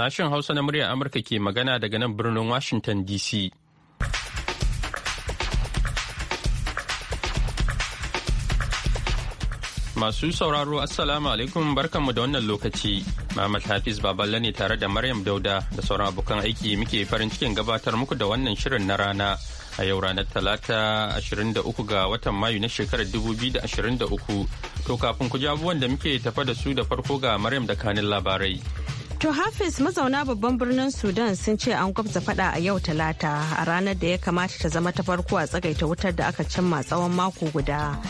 Sashen Hausa na muryar Amurka ke magana daga nan birnin Washington DC. Masu sauraro Assalamu alaikum barkanmu da wannan lokaci. Muhammad Hafiz Baballe ne tare da Maryam Dauda da sauran abokan aiki muke farin cikin gabatar muku da wannan shirin na rana a yau ranar Talata 23 ga watan Mayu na shekarar 2023. To kafin ku ji abubuwan da muke tafa da su da farko ga Maryam da kanin labarai. To Hafiz mazauna babban birnin Sudan sun ce an gwabza fada a yau talata a ranar da ya kamata ta zama ta farko a tsagaita wutar da aka cimma tsawon mako guda.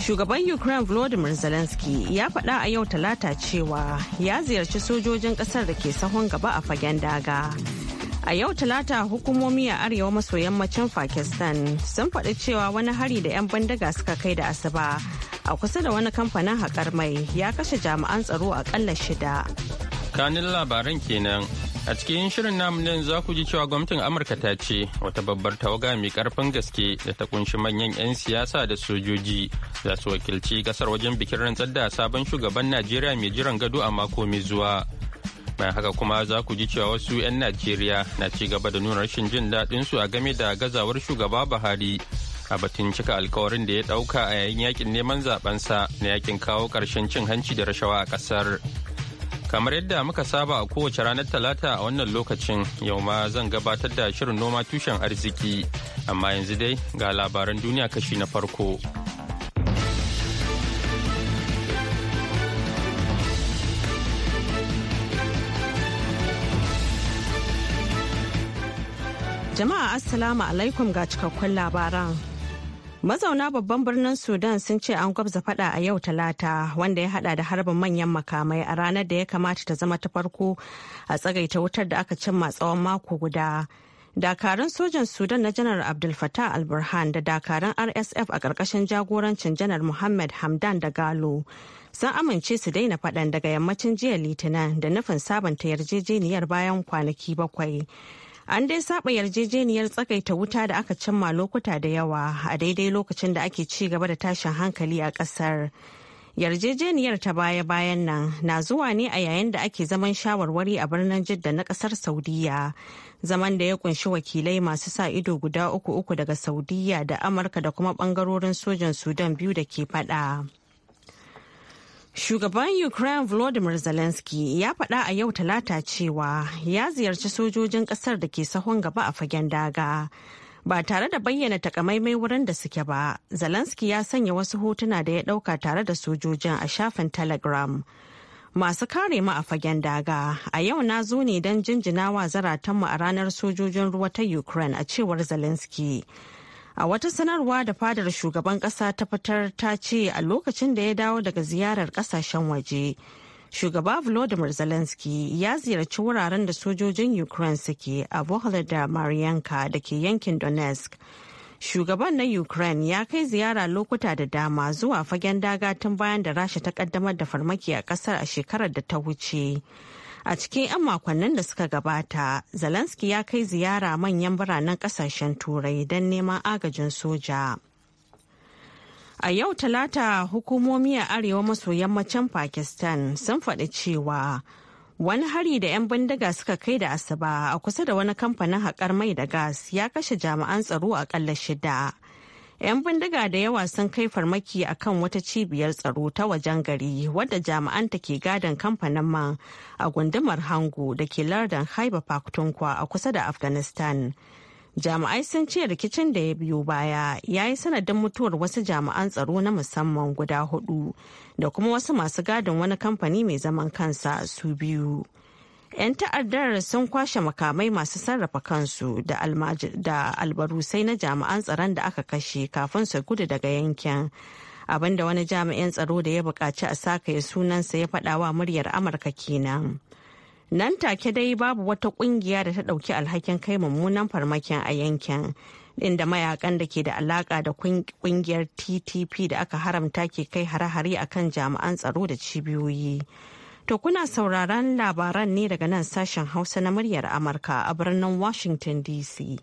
Shugaban Ukraine Volodymyr Zelensky ya faɗa a yau talata cewa ya ziyarci sojojin ƙasar da ke sahun gaba a fagen daga. A yau talata hukumomi a arewa maso yammacin Pakistan sun faɗi cewa wani hari da 'yan bandaga suka kai da asuba a kusa da wani kamfanin haƙar mai ya kashe jami'an tsaro a ƙalla shida. tsakanin labaran kenan a cikin shirin namu nan za ku ji cewa gwamnatin amurka ta ce wata babbar tawaga mai karfin gaske da ta kunshi manyan 'yan siyasa da sojoji za su wakilci kasar wajen bikin rantsar da sabon shugaban najeriya mai jiran gado a mako mai zuwa bayan haka kuma za ku ji cewa wasu 'yan najeriya na ci gaba da nuna rashin jin daɗin su a game da gazawar shugaba buhari a batun cika alkawarin da ya ɗauka a yayin yakin neman zaɓensa na yakin kawo ƙarshen cin hanci da rashawa a ƙasar. Kamar yadda muka saba a kowace ranar Talata a wannan lokacin yau ma zan gabatar da shirin noma tushen arziki. Amma yanzu dai ga labaran duniya kashi na farko. Jama'a Assalamu alaikum ga cikakkun labaran. Mazauna babban birnin Sudan sun ce an gwabza fada a yau talata wanda ya hada da harbin manyan makamai a ranar da ya kamata ta zama ta farko a tsagaita wutar da aka cimma tsawon mako guda. Dakarun sojan Sudan na janar Abdul Fattah al-Burhan da dakarun RSF a ƙarƙashin jagorancin janar Muhammad Hamdan da Galo sun amince su daina faɗan daga yammacin jiya Litinin da nufin sabanta yarjejeniyar bayan kwanaki bakwai An dai saba yarjejeniyar tsakaita wuta da aka cimma lokuta da yawa a daidai lokacin da ake ci gaba da tashin hankali a ƙasar. Yarjejeniyar ta baya-bayan nan na zuwa ne a yayin da ake zaman shawarwari a birnin Jidda na kasar Saudiya. Zaman da ya kunshi wakilai masu sa ido guda uku uku daga Saudiya da Amurka da kuma bangarorin sojan Sudan biyu da ke fada. Shugaban Ukraine Volodymyr Zelensky ya faɗa a yau talata cewa ya ziyarci sojojin ƙasar da ke sahon gaba a fagen daga. Ba tare da bayyana takamaimai wurin da suke ba, Zelensky ya sanya wasu hotuna da ya ɗauka tare da sojojin a shafin Telegram. Masu kare mu a fagen daga, a yau na zo ne don jinjina wa zaratanmu a ranar sojojin ruwa ta Ukraine a cewar Zelensky. A wata sanarwa da fadar shugaban ƙasa ta fitar ta ce a lokacin da ya dawo daga ziyarar ƙasashen waje. Shugaba Volodymyr Zelensky ya ziyarci wuraren da sojojin Ukraine suke a Bohol da Marianka da ke yankin Donetsk. Shugaban na Ukraine ya kai ziyara lokuta da dama zuwa fagen daga tun bayan da Rasha ta kaddamar da farmaki a kasar a shekarar da ta wuce. A cikin 'yan makonnin da suka gabata, Zelensky ya kai ziyara manyan biranen kasashen Turai don neman agajin soja. A yau talata hukumomi a arewa maso yammacin Pakistan sun faɗi cewa wani hari da 'yan bindiga suka kai da asuba a kusa da wani kamfanin haƙar mai da gas ya kashe jami'an tsaro a aƙalla shida. 'Yan bindiga da yawa sun kai farmaki a kan wata cibiyar tsaro ta wajen gari wadda jami'anta ke gadon kamfanin man a gundumar Hango da ke lardin Haiba tunkwa a kusa da Afghanistan. Jami'ai sun ce rikicin da ya biyo baya ya yi sanadin mutuwar wasu jami'an tsaro na musamman guda hudu da kuma wasu masu gadin wani kamfani mai zaman kansa su biyu. 'yan ta'addar sun kwashe makamai masu sarrafa kansu da albarusai na jami'an tsaron da aka kashe kafin su gudu daga yankin abinda wani jami'in tsaro da ya buƙaci a saka ya sunansa ya faɗa wa muryar amurka kenan nan take dai babu wata ƙungiya da ta ɗauki alhakin kai mummunan farmakin a yankin inda mayakan da ke da alaƙa da ƙungiyar ttp da aka haramta ke kai hare-hare akan jami'an tsaro da cibiyoyi. To kuna sauraron labaran ne daga nan sashen Hausa na muryar Amurka a birnin Washington DC.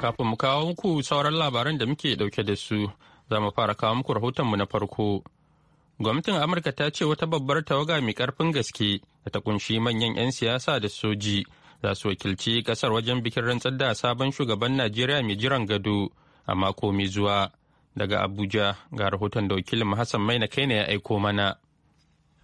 Kafin mu kawo muku sauran labaran da muke dauke da su, za mu fara kawo muku rahotonmu na farko. Gwamnatin Amurka ta ce wata babbar tawaga mai karfin gaske da ta kunshi manyan 'yan siyasa da soji za su wakilci kasar wajen bikin rantsar da sabon shugaban Najeriya mai jiran gado a mako mai zuwa. daga Abuja ga rahoton da wakilin Hassan Maina kai ne ya aiko mana.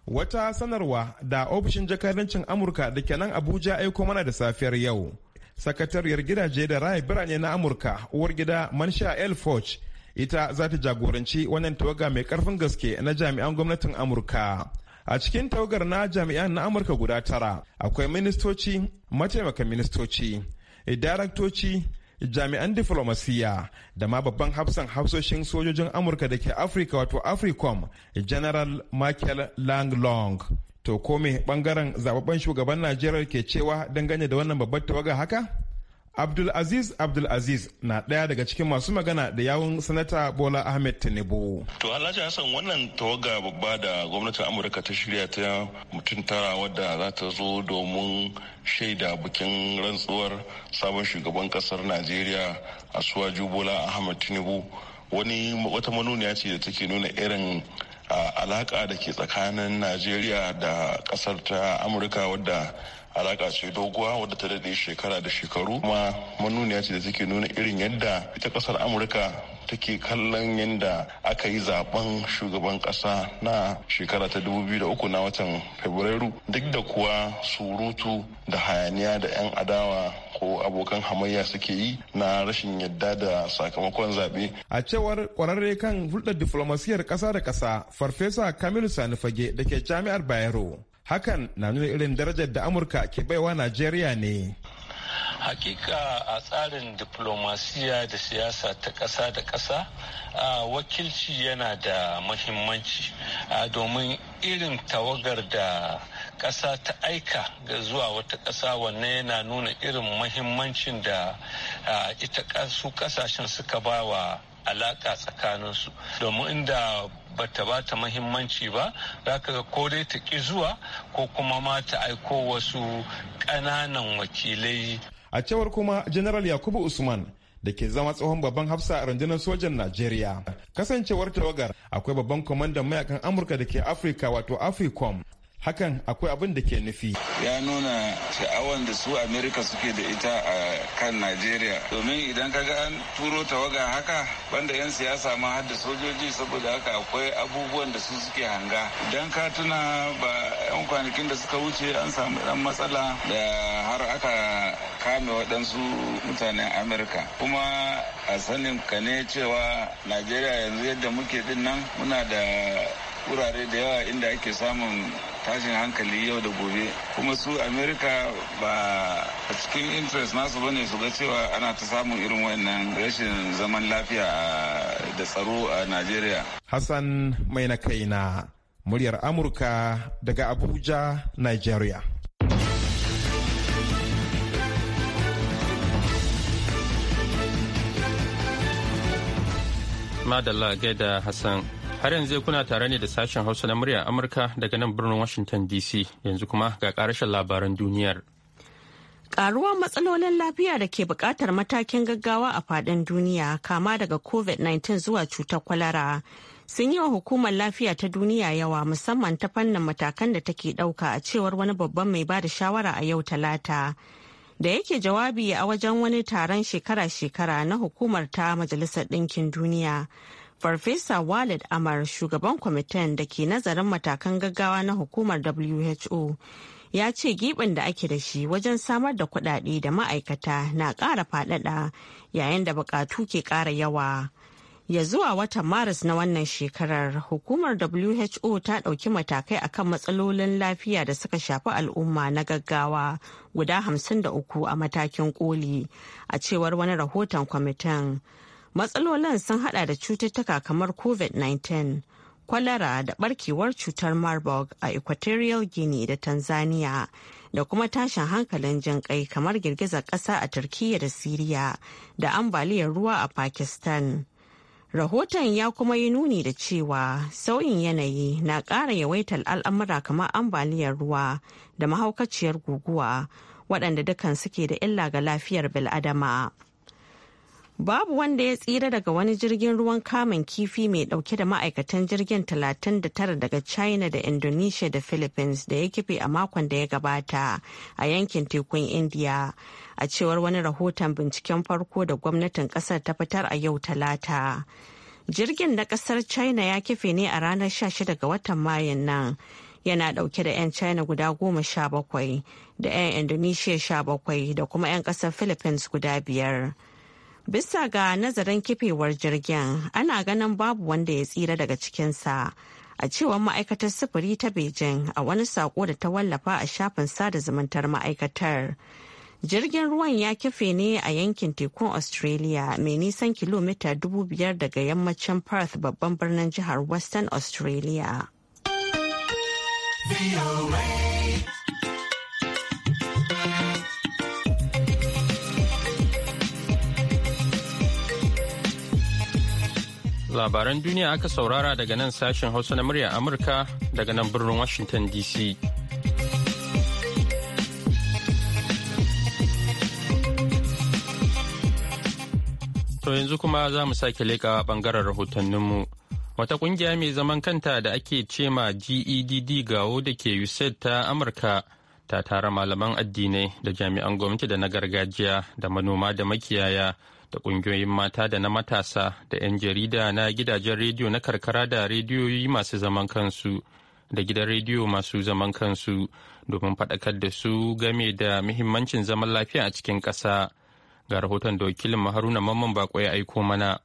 Wata sanarwa da ofishin jakadancin Amurka da ke nan Abuja aiko mana da safiyar yau. Sakatariyar gidaje da raya birane na Amurka, uwar gida Mansha El Forge, ita za ta jagoranci wannan tawaga mai karfin gaske na jami'an gwamnatin Amurka. A cikin tawagar na jami'an na Amurka guda tara, akwai ministoci, mataimakan ministoci, eh, daraktoci, jami'an diflomasiyya da ma babban hafsan hafsoshin sojojin amurka da ke afirka wato africom general michael lang long to kome bangaren zababben shugaban najeriya ke cewa dangane da wannan babbar tawaga haka abdul Abdulaziz Abdulaziz na ɗaya daga cikin masu magana da yawun sanata Bola Ahmed Tinubu. To Alhaji Hassan wannan tawaga babba da gwamnatin Amurka ta shirya ta mutum tara wadda za ta zo domin shaida bikin rantsuwar sabon shugaban kasar Najeriya Asuwaju Bola Ahmed Tinubu wani wata manuniya ce da take nuna irin alaka da ke tsakanin Najeriya da kasar ta Amurka wadda alaka ce doguwa wadda ta daɗe shekara da shekaru kuma manuniya ce da take nuna irin yadda ita ƙasar amurka take kallon yadda aka yi zaben shugaban kasa na shekara ta 2003 na watan fabrairu duk da kuwa surutu da hayaniya da 'yan adawa ko abokan hamayya suke yi na rashin yadda da sakamakon zaɓe. a cewar kwararre kan hulɗar diflomasiyar ƙasa da ƙasa farfesa kamilu sani fage da ke jami'ar bayero hakan na nuna irin darajar da amurka ke baiwa najeriya ne hakika a tsarin diplomasiya da siyasa ta ƙasa da ƙasa wakilci yana da mahimmanci domin irin tawagar da ƙasa ta aika ga zuwa wata ƙasa wannan yana nuna irin mahimmancin da ita su ƙasashen suka ba wa alaka tsakaninsu domin inda ba ta ba ta mahimmanci ba za ka ga ko dai ta ƙi zuwa ko kuma ma ta aiko wasu ƙananan wakilai. A cewar kuma General Yakubu Usman da ke zama tsohon babban hafsa a rundunar sojan Najeriya. Kasancewar tawagar akwai babban kwamandan mayakan Amurka da ke Afirka wato Africom hakan akwai abin da ke nufi ya nuna sha'awar da su amerika suke da ita a kan najeriya domin idan ka ga an turo tawaga haka banda 'yan siyasa ma har da sojoji saboda haka akwai abubuwan da su suke hanga idan ka tuna ba 'yan kwanakin da suka wuce an samu dan matsala da har aka kame waɗansu mutanen Amerika kuma a sanin ka ne cewa najeriya yanzu yadda muke din nan muna da wurare da yawa inda ake samun tashin hankali yau da gobe kuma su amerika ba a cikin interest nasu ba ne su ga cewa ana ta samun irin wannan rashin zaman lafiya da tsaro a najeriya hassan mai na kaina muryar amurka daga abuja nigeria madalla gaida hassan Har yanzu kuna tare ne da sashen Hausa na murya Amurka daga nan birnin Washington DC yanzu kuma ga karashen labaran duniyar. Karuwa matsalolin lafiya da ke bukatar matakin gaggawa a fadin duniya kama daga COVID-19 zuwa cutar kwalara. sun yi wa hukumar lafiya ta duniya yawa musamman ta fannin matakan da take ɗauka a cewar wani babban mai ba da shawara a yau talata da yake jawabi a wajen wani taron shekara-shekara na hukumar ta majalisar ɗinkin duniya Farfesa Walid Amar shugaban kwamitin da ke nazarin matakan gaggawa na hukumar WHO ya ce gibin da ake da shi wajen samar da kuɗaɗe da ma'aikata na ƙara faɗaɗa yayin da buƙatu ke ƙara yawa. ya zuwa watan maris na wannan shekarar hukumar who ta ɗauki matakai akan matsalolin lafiya da suka shafi al'umma na gaggawa guda 53 a matakin koli a cewar wani rahoton kwamitin matsalolin sun hada da cututtuka kamar covid-19 kwalara da barkewar cutar marburg a equatorial guinea da tanzania da kuma tashin hankalin jin kai kamar girgizar kasa a turkiyya da Syria da ambaliyar ruwa a pakistan rahoton ya kuma yi nuni da cewa sauyin yanayi na ƙara yawaitar al'amura kamar ambaliyar ruwa da mahaukaciyar guguwa waɗanda dukan suke da illa ga lafiyar bil'adama. babu wanda ya tsira daga wani jirgin ruwan kamun kifi mai dauke da ma'aikatan jirgin 39 daga china da indonesia da philippines da ya kife a makon da ya gabata a yankin tekun india a cewar wani rahoton binciken farko da gwamnatin kasar ta fitar a yau talata jirgin na kasar china ya kife ne a ranar 16 ga watan mayun nan yana dauke da 'yan china guda goma sha bakwai da 'yan indonesia sha bakwai da kuma 'yan kasar philippines guda biyar. Bisa ga nazarin kifewar jirgin, ana ganin babu wanda ya tsira daga cikinsa. A cewar ma'aikatar sufuri ta Beijing a wani sako da ta wallafa a shafin sada zumuntar ma'aikatar. Jirgin ruwan ya kife ne a yankin tekun Australia mai nisan kilomita biyar daga yammacin Perth babban birnin jihar Western Australia. Labaran duniya aka saurara daga nan sashen Hausa na murya Amurka daga nan birnin Washington DC. To yanzu kuma za mu sake leƙawa ɓangaren rahotanninmu. Wata ƙungiya mai zaman kanta da ake cema GEDD gawo da ke USAID ta Amurka ta tara malaman addinai da jami'an gwamnati da na gargajiya da manoma da makiyaya da ƙungiyoyin mata da na matasa da 'yan jarida na gidajen rediyo na karkara da rediyoyi masu zaman kansu da gidan rediyo masu zaman kansu domin faɗakar da su game da muhimmancin zaman lafiya a cikin ƙasa ga rahoton da wakilin haruna mamman bako ya aiko mana.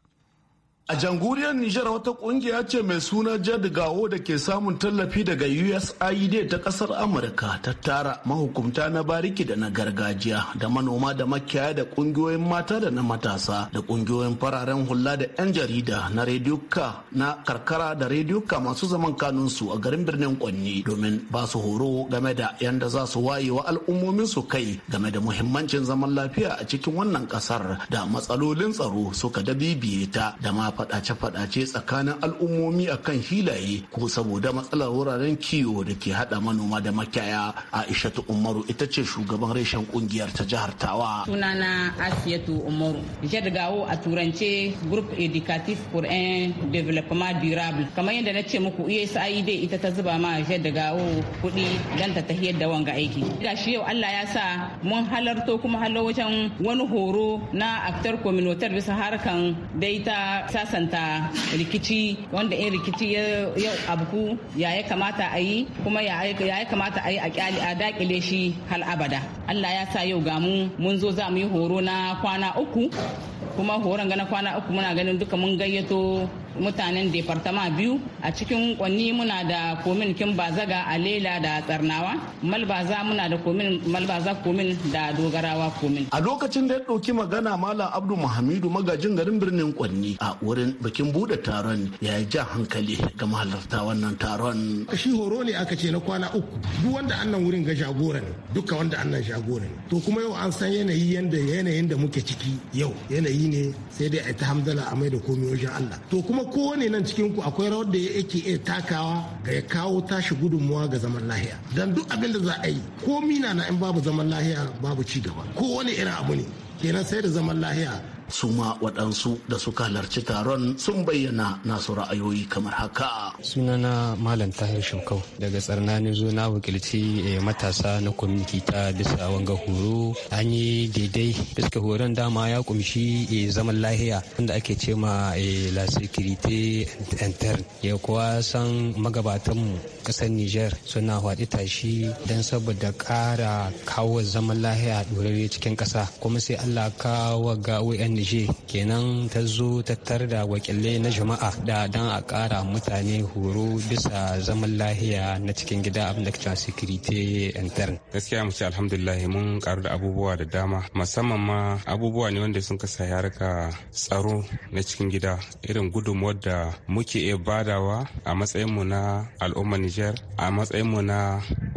A jamhuriyar Nijar wata kungiya ce mai suna Jad Gawo da ke samun tallafi daga USAID ta kasar Amurka ta tara mahukumta na bariki da na gargajiya da manoma da makiyaya da kungiyoyin mata da na matasa da kungiyoyin fararen hula da 'yan jarida na rediyoka na karkara da rediyoka masu zaman kanunsu a garin birnin Kwanni domin ba su horo game da yadda za su waye wa al'ummomin su kai game da muhimmancin zaman lafiya a cikin wannan kasar da matsalolin tsaro suka dabibiye ta da ma fadace fadace tsakanin al'ummomi a akan hilaye ko saboda matsalar wuraren kiwo da ke hada manoma da makiyaya a ishatu umaru ita ce shugaban reshen kungiyar ta jihar tawa sunana asiyatu umaru gawo a turance group educative for en development durable kamar yadda na ce muku usaid e ita ta zuba ma gawo kuɗi don ta tahiyar da wanga aiki shi yau allah ya sa mun halarto kuma halar wajen wani horo na aktar communautaire bisa harkan daita sasanta rikici wanda in rikici ya abku ya ya kamata a yi kuma ya ya kamata a yi a dakile shi hal abada allah ya sa yau gamu mun zo za mu yi horo na kwana uku kuma horon gana kwana uku muna ganin duka mun gayyato mutanen departama biyu a cikin kwanni muna da komin kimbazaga a lela da tsarnawa malbaza muna da komin malbaza komin da dogarawa komin a lokacin da ya ɗauki magana malam abdu muhammadu magajin garin birnin kwanni a wurin bikin bude taron ya yi ja hankali ga mahalarta wannan taron shi horo ne aka ce na kwana uku duk wanda annan wurin ga jagora ne duka wanda annan jagora ne to kuma yau an san yanayi yanda yanayin da muke ciki yau yanayi ne sai dai a ta hamdala a mai da komi wajen Allah to kuma kowane nan cikin ku akwai rawar da yake iya takawa ga ya kawo tashi gudunmuwa ga zaman lahiya dan duk abin da za a yi ko mina na in babu zaman lahiya babu ci gaba kowane irin abu ne kenan sai da zaman lahiya su ma waɗansu da suka halarci taron sun bayyana nasu ra'ayoyi kamar haka sunana malam tahir shukau daga ne zo na wakilci eh, matasa na kwamiti ta bisa wanga horo an yi daidai iska horon dama ya kumshi eh, zaman lahiya wanda ake ce ma eh, la security interne ya kuwa san mu kasar niger suna haɗi tashi don saboda ƙara kawo zaman lahiya a cikin kasa kuma sai allah kawo ga un nije kenan ta zo tattar da wakilai na jama'a da dan a kara mutane horo bisa zaman lahiya na cikin gida abin da kacin security intern. Gaskiya mu ce alhamdulillah mun karu da abubuwa da dama musamman ma abubuwa ne wanda sun kasa harka tsaro na cikin gida irin gudunmuwar da muke iya badawa a matsayin mu na al'ummar Nijar a matsayin mu na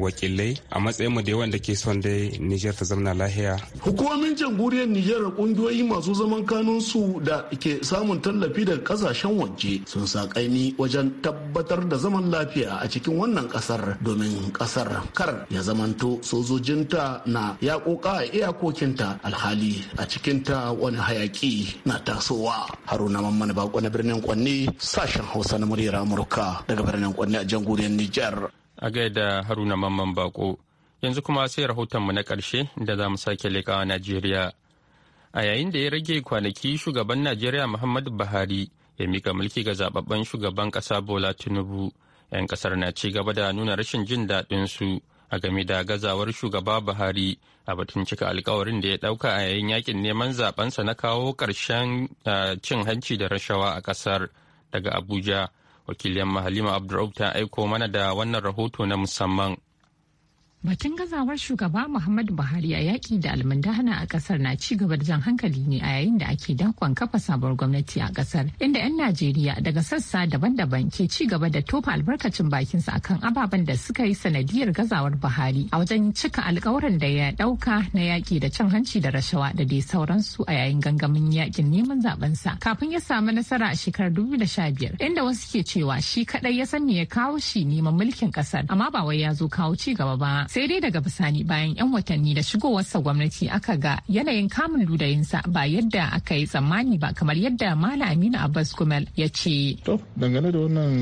wakilai a matsayin mu da yawan da ke son dai Nijar ta zamna lahiya. Hukumomin jamhuriyar Nijar kungiyoyi masu zama zaman kanunsu da ke samun tallafi daga kasashen waje sun sa saƙaini wajen tabbatar da zaman lafiya a cikin wannan ƙasar domin ƙasar kar ya zamanto sojojinta na yaƙoƙa a iyakokinta alhali a cikinta wani hayaƙi na tasowa haruna mamman bako na birnin kwanne sashen hausa na muryar amurka daga birnin kwanne a jamhuriyar nijar a gaida haruna mamman bako yanzu kuma sai rahotonmu na ƙarshe da za mu sake leƙawa najeriya a yayin da ya rage kwanaki shugaban najeriya muhammadu buhari ya mika mulki ga zababben shugaban kasa bola tinubu 'yan kasar na ci gaba da nuna rashin jin daɗin su a game da gazawar shugaba buhari a batun cika alkawarin da ya ɗauka a yayin yakin neman zabensa na kawo ƙarshen cin hanci da rashawa a ƙasar daga abuja wakilin mahalima abdurraub ta aiko mana da wannan rahoto na musamman Batun gazawar shugaba Muhammadu Buhari a yaƙi da almundahana a ƙasar na ci gaba da jan hankali ne a yayin da ake dakon kafa sabuwar gwamnati a ƙasar inda 'yan Najeriya daga sassa daban-daban ke ci gaba da tofa albarkacin bakinsa akan ababen da suka yi sanadiyar gazawar Buhari a wajen cika alkawarin da ya ɗauka na yaƙi da cin hanci da rashawa da dai sauransu a yayin gangamin yaƙin neman zabensa kafin ya samu nasara a shekarar biyar inda wasu ke cewa shi kaɗai ya san me ya kawo shi neman mulkin ƙasar amma ba wai ya zo kawo ci gaba ba. Sai dai daga bisani bayan 'yan watanni da shigowarsa gwamnati aka ga yanayin kamun ludayinsa ba yadda aka yi tsammani ba kamar yadda Mala Aminu Abbas Kumel ya ce. To, dangane da wannan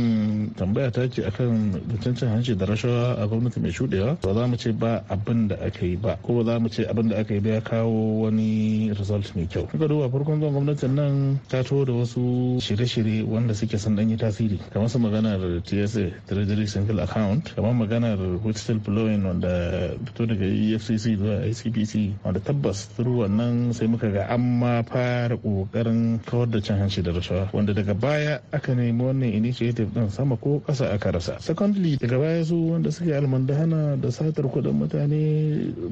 tambaya ta ce akan mutuncin hanci da rashawa a gwamnati mai shudewa ba za mu ce ba abin da aka yi ba ko ba za mu ce abin da aka yi ba ya kawo wani result mai kyau. Kuka duba farkon zuwan gwamnatin nan ta to da wasu shirye-shirye wanda suke son yi tasiri kamar su maganar TSA Treasury Single Account kamar maganar Whistle Blowing wanda fito daga efcc zuwa icpc wanda tabbas turu wannan sai muka ga an ma fara kokarin kawar da cin hanci da rashawa wanda daga baya aka nemi wannan initiative din sama ko kasa aka rasa secondly daga baya su wanda suke almandahana da satar kuɗin mutane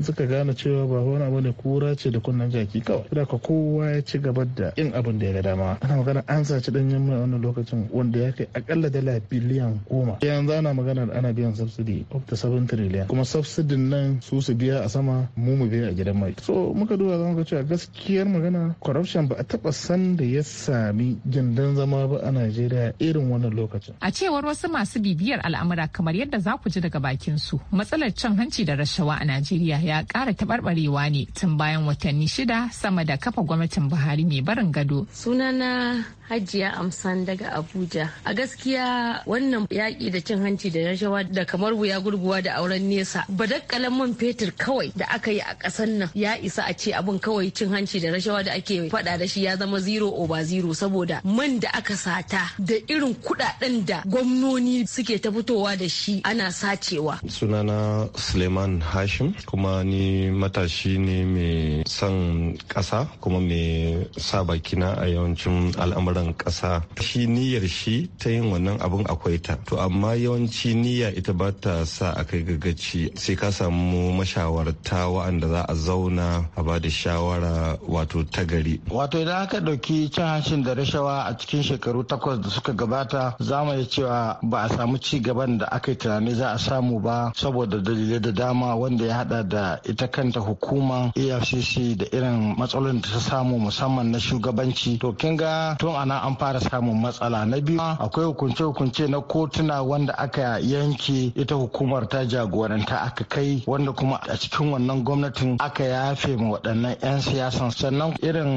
suka gane cewa ba wani abu ne kura ce da kunnen jaki kawai da ka kowa ya ci gaba da yin abin da ya ga dama ana magana an saci danyen mai wannan lokacin wanda ya kai akalla dala biliyan goma yanzu ana magana da ana biyan subsidy of the 7 trillion kuma subsidin nan su su biya a sama mu mu biya a gidan mai so muka duba zama ka cewa gaskiyar magana corruption ba a taba san da ya sami gindin zama ba a Najeriya irin wannan lokacin a cewar wasu masu bibiyar al'amura kamar yadda za ku ji daga bakin su matsalar cin hanci da rashawa a Najeriya ya kara taɓarɓarewa ne tun bayan watanni shida sama da kafa gwamnatin Buhari mai barin gado sunana Hajiya Amsan daga Abuja. A gaskiya wannan yaƙi da cin hanci da rashawa da kamar wuya gurguwa da auren nesa badakkalan man fetur kawai da aka yi a ƙasar nan ya isa a ce abin kawai cin hanci da rashawa da ake faɗa da shi ya zama zero over zero saboda man da aka sata da irin kuɗaɗen da gwamnoni suke ta fitowa da shi ana sacewa. Sunana Suleiman Hashim kuma ni matashi ne mai son ƙasa kuma mai sa bakina a yawancin al'amuran ƙasa. Shi niyyar shi ta yin wannan abin akwai ta. To amma yawanci niyya ita ba ta sa a kai gagaci sai ka samu mashawarta waɗanda za a zauna a ba da shawara wato ta gari. Wato idan aka ɗauki cin hancin da rashawa a cikin shekaru takwas da suka gabata za mu iya cewa ba a samu ci gaban da aka yi tunani za a samu ba saboda dalilai da dama wanda ya haɗa da ita kanta hukuma EFCC da irin matsalolin da ta samu musamman na shugabanci. To kin ga tun ana an fara samun matsala na biyu akwai hukunce-hukunce na kotuna wanda aka yanke ita hukumar ta jagoranta aka kai wanda kuma a cikin wannan gwamnatin aka yafe mu waɗannan 'yan siyasan sannan irin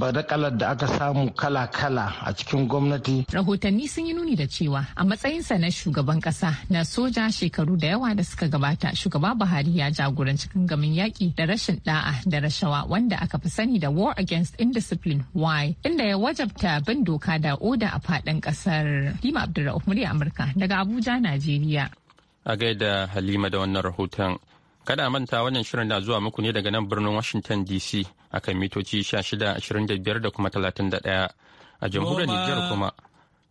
badakalar da aka samu kala-kala a cikin gwamnati. Rahotanni sun yi nuni da cewa a matsayinsa na shugaban ƙasa na soja shekaru da yawa da suka gabata shugaba Buhari ya jagoranci gangamin yaƙi da rashin da'a da rashawa wanda aka fi sani da War Against Indiscipline Y inda ya wajabta bin doka da oda a faɗin ƙasar. Lima Abdulrahman Murya Amurka daga Abuja, Najeriya. A gaida Halima da wannan rahoton. Kada manta wannan shirin na zuwa muku ne daga nan birnin Washington DC a kan mitoci 1625 da kuma 31 a jamhuriyar Nijar kuma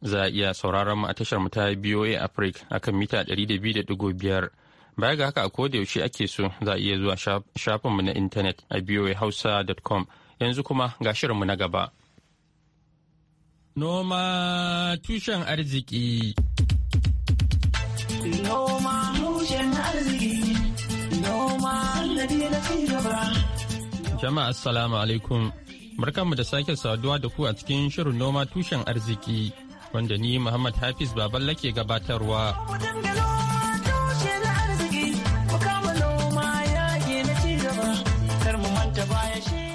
za a iya sauraron mu a tashar mu ta BOA Africa a kan mita 200.5 baya ga haka a koda yaushe ake so za a iya zuwa shafinmu na intanet a boahausa.com yanzu kuma ga shirinmu na gaba. Noma tushen arziki. Noma tushen arziki, noma sannadi na cigaba. Jama'a assalamu alaikum. Barkanmu da sake saduwa da ku a cikin shirin noma tushen arziki wanda ni Muhammad Hafiz Baballa ke gabatarwa.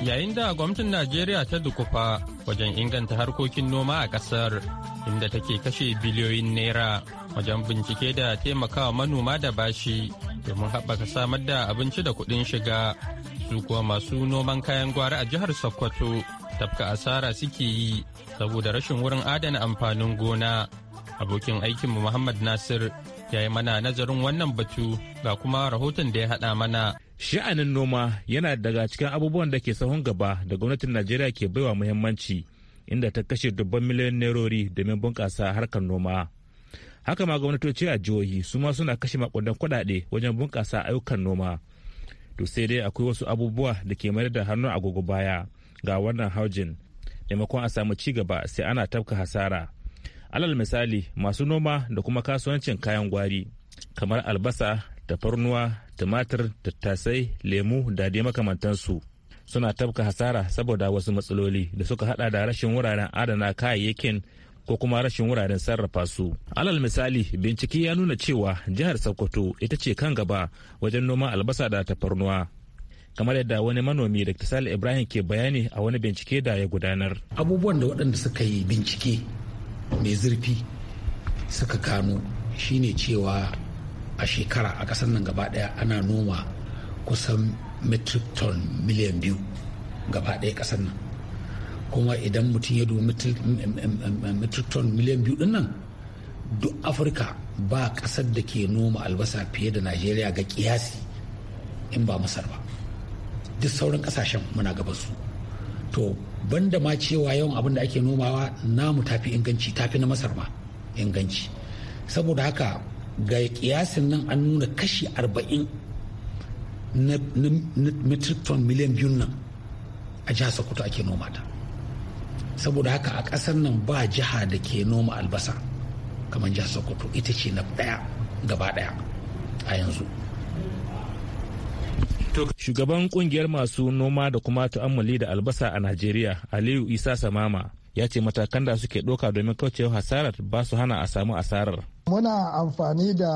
Yayin da gwamnatin Najeriya ta dukufa wajen inganta harkokin noma a ƙasar inda take kashe biliyoyin naira wajen bincike da taimakawa manoma da bashi domin haɓaka samar da abinci da kuɗin shiga su kuwa masu noman kayan gwari a jihar sokoto tafka asara suke yi saboda rashin wurin adana amfanin gona abokin aikinmu muhammad nasir ya yi mana nazarin wannan batu ga kuma rahoton da ya haɗa mana sha'anin noma yana daga cikin abubuwan da ke sahun gaba da gwamnatin najeriya ke baiwa muhimmanci inda ta kashe dubban miliyan nerori domin bunƙasa harkar noma haka ma gwamnatoci a jihohi su ma suna kashe makudan kuɗaɗe wajen bunƙasa ayyukan noma to sai dai akwai wasu abubuwa da ke mayar da a agogo baya ga wannan haujin maimakon a samu ci gaba sai ana tafka hasara alal misali masu noma da kuma kasuwancin kayan gwari kamar albasa tafarnuwa tumatir tattasai lemu da dai makamantansu suna tabka hasara saboda wasu matsaloli da suka hada da rashin wuraren adana kayayyakin ko kuma rashin wuraren sarrafa su. Alal misali bincike ya nuna cewa jihar Sokoto ita ce kan gaba wajen noman albasa da tafarnuwa. kamar yadda wani manomi da Sale Ibrahim ke bayani a wani bincike da ya gudanar. Abubuwan da waɗanda suka yi bincike mai zurfi suka gano shine cewa a shekara a ƙasar nan gaba ɗaya ana noma kusan metric ton miliyan biyu gaba ɗaya ƙasar nan kuma idan mutum ya dubi metric ton miliyan biyu ɗin nan duk afirka ba ƙasar da ke noma albasa fiye da najeriya ga ƙiyasi in ba masar ba duk sauran ƙasashen muna gabansu to banda ma cewa yawan abin da ake nomawa namu tafi inganci tafi na masar ma inganci saboda haka ga kiyasin nan an nuna kashi arba'in na metric ton miliyan biyun nan a jihar sokoto ake noma ta saboda haka a ƙasar nan ba jiha da ke noma albasa kamar jihar sokoto ita ce na ɗaya gaba ɗaya a yanzu shugaban kungiyar masu noma da kuma ta'ammali da albasa a najeriya aliyu isa samama ya ce matakan da suke ɗauka domin kaucewa hasarar ba su hana a samu asarar Muna amfani da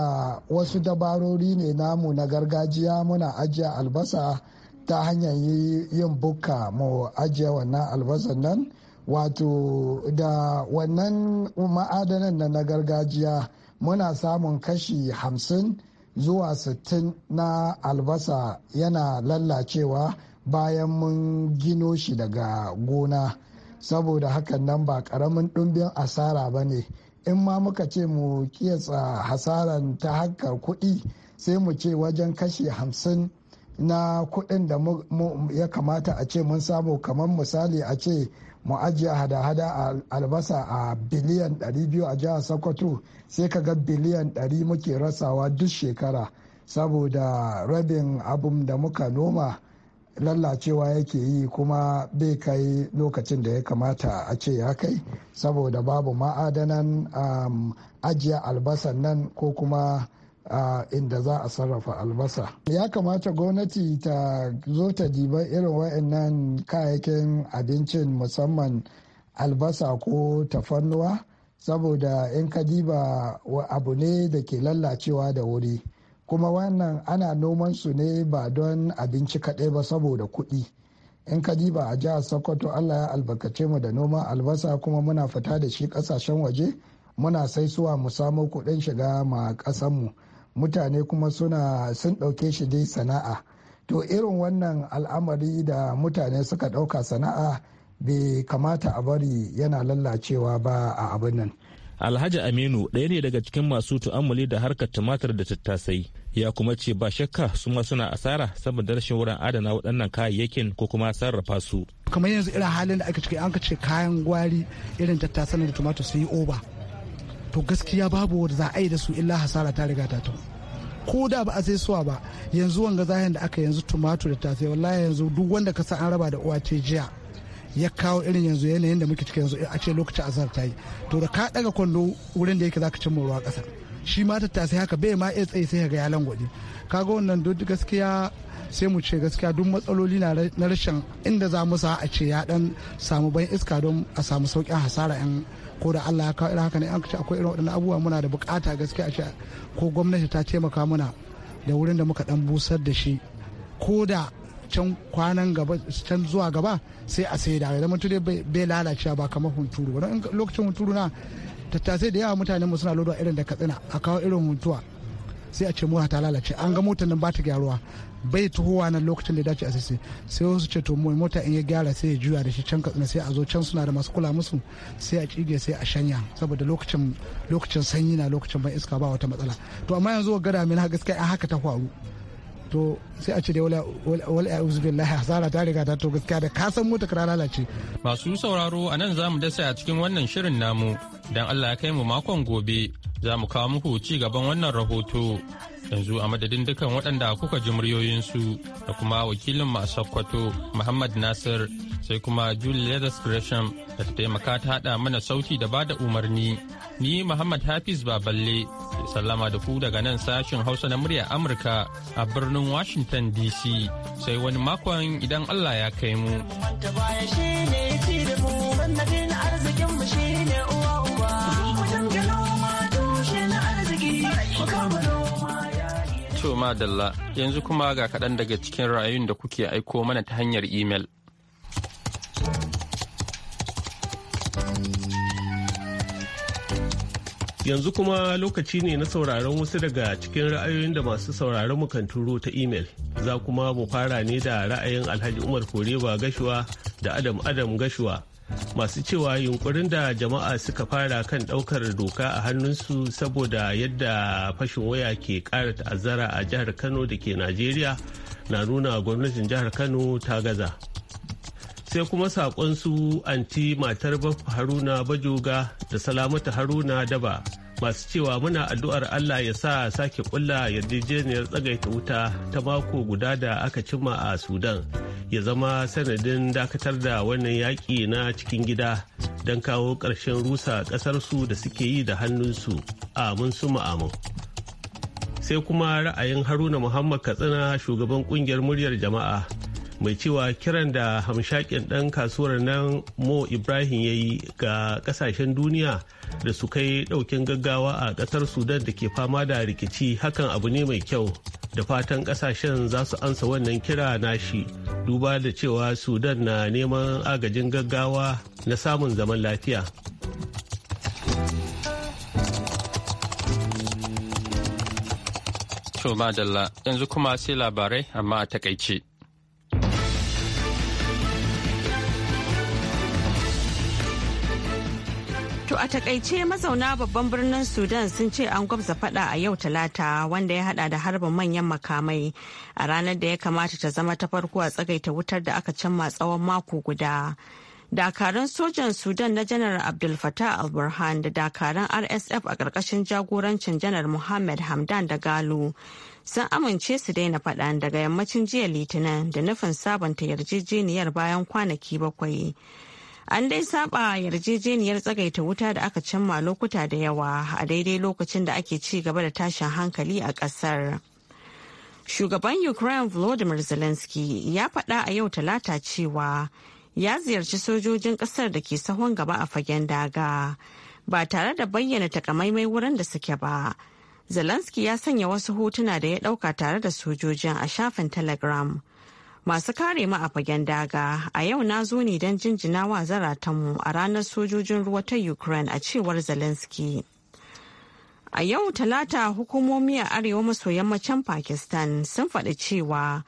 wasu dabarori ne namu na gargajiya muna ajiye albasa ta hanyar yin bukka mu ajiye wannan albasan nan wato da wannan ma'adanan na gargajiya muna samun kashi hamsin zuwa sittin na albasa yana lallacewa bayan mun gino shi daga gona saboda hakan nan ba ƙaramin ɗumbin asara ba ne in ma muka ce mu kiyasa hasaran ta haka kuɗi sai mu ce wajen kashe hamsin na kuɗin da ya kamata a ce mun samu kamar misali a ce mu ajiye hada-hada a albasa a biliyan 200 a jihar sokoto sai ka ga biliyan 100 muke rasawa duk shekara saboda rabin abin da muka noma lallacewa yake yi kuma bai kai lokacin da ya kamata a ce ya kai saboda babu ma'adanan um, ajiya albasan nan ko kuma uh, inda za a sarrafa albasa ya kamata gwamnati ta zo ta diba irin wa'annan kayayyakin abincin musamman albasa ko tafannuwa saboda in ka diba abu ne da ke lallacewa da wuri kuma wannan ana noman su ne ba don abinci kaɗai ba saboda kuɗi in ka ba a jihar sokoto allah ya albarkace mu da noman albasa kuma muna fita da shi ƙasashen waje muna saisuwa mu samo kuɗin shiga ma ƙasanmu mutane kuma suna sun ɗauke shi dai sana'a to irin wannan al'amari da mutane suka ɗauka sana'a bai kamata a bari yana lallacewa ba a abin nan alhaji aminu ɗaya ne daga cikin masu tu'amali da harkar tumatir da tattasai ya kuma ce ba shakka su ma suna asara saboda rashin wurin adana waɗannan kayayyakin ko kuma sarrafa su kamar yanzu irin halin da aka ciki an ce kayan gwari irin tattasan da tumatur su yi oba to gaskiya babu wanda za a yi da su illa hasara ta riga ta to ko da ba a sai suwa ba yanzu wanga zahin da aka yanzu tumatur da tasai wallahi yanzu duk wanda ka san an raba da uwa ce jiya ya kawo irin yanzu yanayin da muke ciki yanzu a ce lokacin azar ta yi to da ka daga kwando wurin da yake ka cin ruwa ƙasa. shi ma tattasai haka bai ma iya tsaye sai ga ya langwaje kaga wannan duk gaskiya sai mu ce gaskiya duk matsaloli na rashin inda za mu sa a ce ya dan samu ban iska don a samu saukin hasara yan ko da Allah ya kawo haka ne an ce akwai irin waɗannan abubuwa muna da bukata gaskiya a ce ko gwamnati ta taimaka muna da wurin da muka dan busar da shi ko da can kwanan gaba can zuwa gaba sai a saida ya zama tude bai lalacewa ba kamar hunturu wani lokacin hunturu na tattasai da yawa mutanen mu suna lodowa irin da katsina a kawo irin mutuwa sai a ce mota ta lalace an ga motar nan ba ta gyaruwa bai tuhowa nan lokacin da ya dace a sisi sai wasu ce to mota in ya gyara sai ya juya da shi can katsina sai a zo can suna da masu kula musu sai a cige sai a shanya saboda lokacin lokacin sanyi na lokacin ban iska ba wata matsala to amma yanzu ga da mina gaskiya an haka ta faru to sai a ce dai wal a'udhu billahi hasara ta riga ta to gaskiya da ka san mota ka lalace masu sauraro a za zamu dasa a cikin wannan shirin namu Don Allah ya kai mu makon gobe za mu kawo muku ci gaban wannan rahoto. Yanzu a madadin dukan waɗanda kuka ji muryoyinsu da kuma wakilin a Sokoto Muhammad Nasir sai kuma Julia Gresham da ta taimaka ta haɗa mana sauti da bada umarni. Ni Muhammad Hafiz Baballe ke sallama da ku daga nan sashin Hausa na murya Amurka a birnin Washington DC sai wani makon idan Allah ya kai mu. arzikin mu To madalla yanzu kuma ga kaɗan daga cikin ra'ayoyin da kuke aiko mana ta hanyar imel. Yanzu kuma lokaci ne na sauraron wasu daga cikin ra'ayoyin da masu sauraron mu kan turo ta imel. Za kuma mu fara ne da ra'ayin Alhaji Umar Koreba Gashuwa da Adam Adam Gashuwa masu cewa yunkurin da jama'a suka fara kan ɗaukar doka a hannunsu saboda yadda fashin waya ke ƙara ta'azzara a jihar kano da ke najeriya na nuna gwamnatin jihar kano ta gaza sai kuma saƙon su anti matar haruna bajoga da salamata haruna daba masu cewa muna addu'ar Allah ya sa sake kulla yarjejeniyar tsagaita wuta ta mako guda da aka cimma a Sudan ya zama sanadin dakatar da wannan yaƙi na cikin gida don kawo ƙarshen rusa ƙasarsu da suke yi da hannunsu amin su amin. Sai kuma ra'ayin Haruna Muhammad Katsina shugaban ƙungiyar muryar jama'a. mai cewa kiran da hamshakin ɗan kasuwar nan mo ibrahim ya yi ga ƙasashen duniya da su kai ɗaukin gaggawa a ƙasar sudan da ke fama da rikici hakan abu ne mai kyau da fatan ƙasashen za su ansa wannan kira nashi duba da cewa sudan na neman agajin gaggawa na samun zaman lafiya To yanzu kuma sai labarai amma a takaice. To a takaice mazauna babban birnin Sudan sun ce an gwabza fada a yau talata wanda ya hada da harbin manyan makamai a ranar da ya kamata ta zama ta farko a tsagaita wutar da aka cimma tsawon mako guda. Dakaran sojan Sudan na janar Abdul Fattah al-Burhan da dakaran RSF a ƙarƙashin jagorancin janar Muhammad Hamdan da galu sun amince su daina faɗan daga yammacin jiya Litinin da nufin sabanta yarjejeniyar bayan kwanaki bakwai. An dai saba yarjejeniyar tsagaita wuta da aka cimma lokuta da yawa a daidai lokacin da ake ci gaba da tashin hankali a ƙasar. Shugaban Ukraine Volodymyr Zelensky ya faɗa a yau talata cewa ya ziyarci sojojin ƙasar da ke sahon gaba a fagen daga ba tare da bayyana takamaimai wurin da suke ba. Zelensky ya sanya wasu hotuna da ya ɗauka tare da sojojin a shafin Telegram. Masu kare mu a fagen daga a yau na zo ne don jinjina wa zaratanmu a ranar sojojin ruwa ta Ukraine a cewar Zelensky. A yau talata hukumomi a arewa maso yammacin Pakistan sun faɗi cewa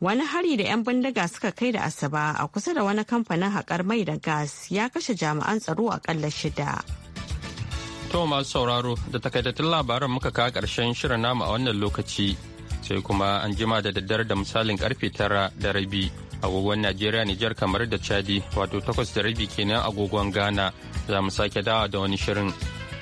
wani hari da 'yan bindiga suka kai da asaba a kusa da wani kamfanin haƙar mai da gas ya kashe jami'an tsaro aƙalla shida. To masu sauraro da takaitattun labaran muka kawo ƙarshen shirin namu a wannan lokaci. sai kuma an jima da daddare da misalin karfe tara da rabi agogon najeriya nijar kamar da chadi wato takwas da rabi kenan agogon ghana za mu sake dawa da wani shirin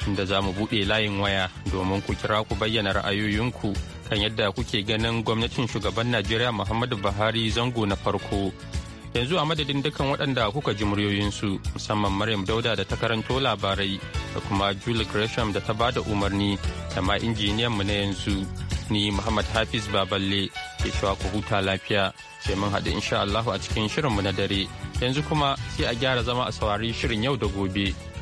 inda za mu buɗe layin waya domin ku kira ku bayyana ra'ayoyinku kan yadda kuke ganin gwamnatin shugaban najeriya muhammadu buhari zango na farko yanzu a madadin dukkan waɗanda kuka ji muryoyinsu musamman maryam dauda da ta karanto labarai da kuma julie gresham da ta ba da umarni da ma injiniyanmu na yanzu ni Muhammad Hafiz Baballe ke cewa ku huta lafiya sai mun haɗu insha Allahu a cikin shirin mu na dare yanzu kuma sai a gyara zama a saurari shirin yau da gobe.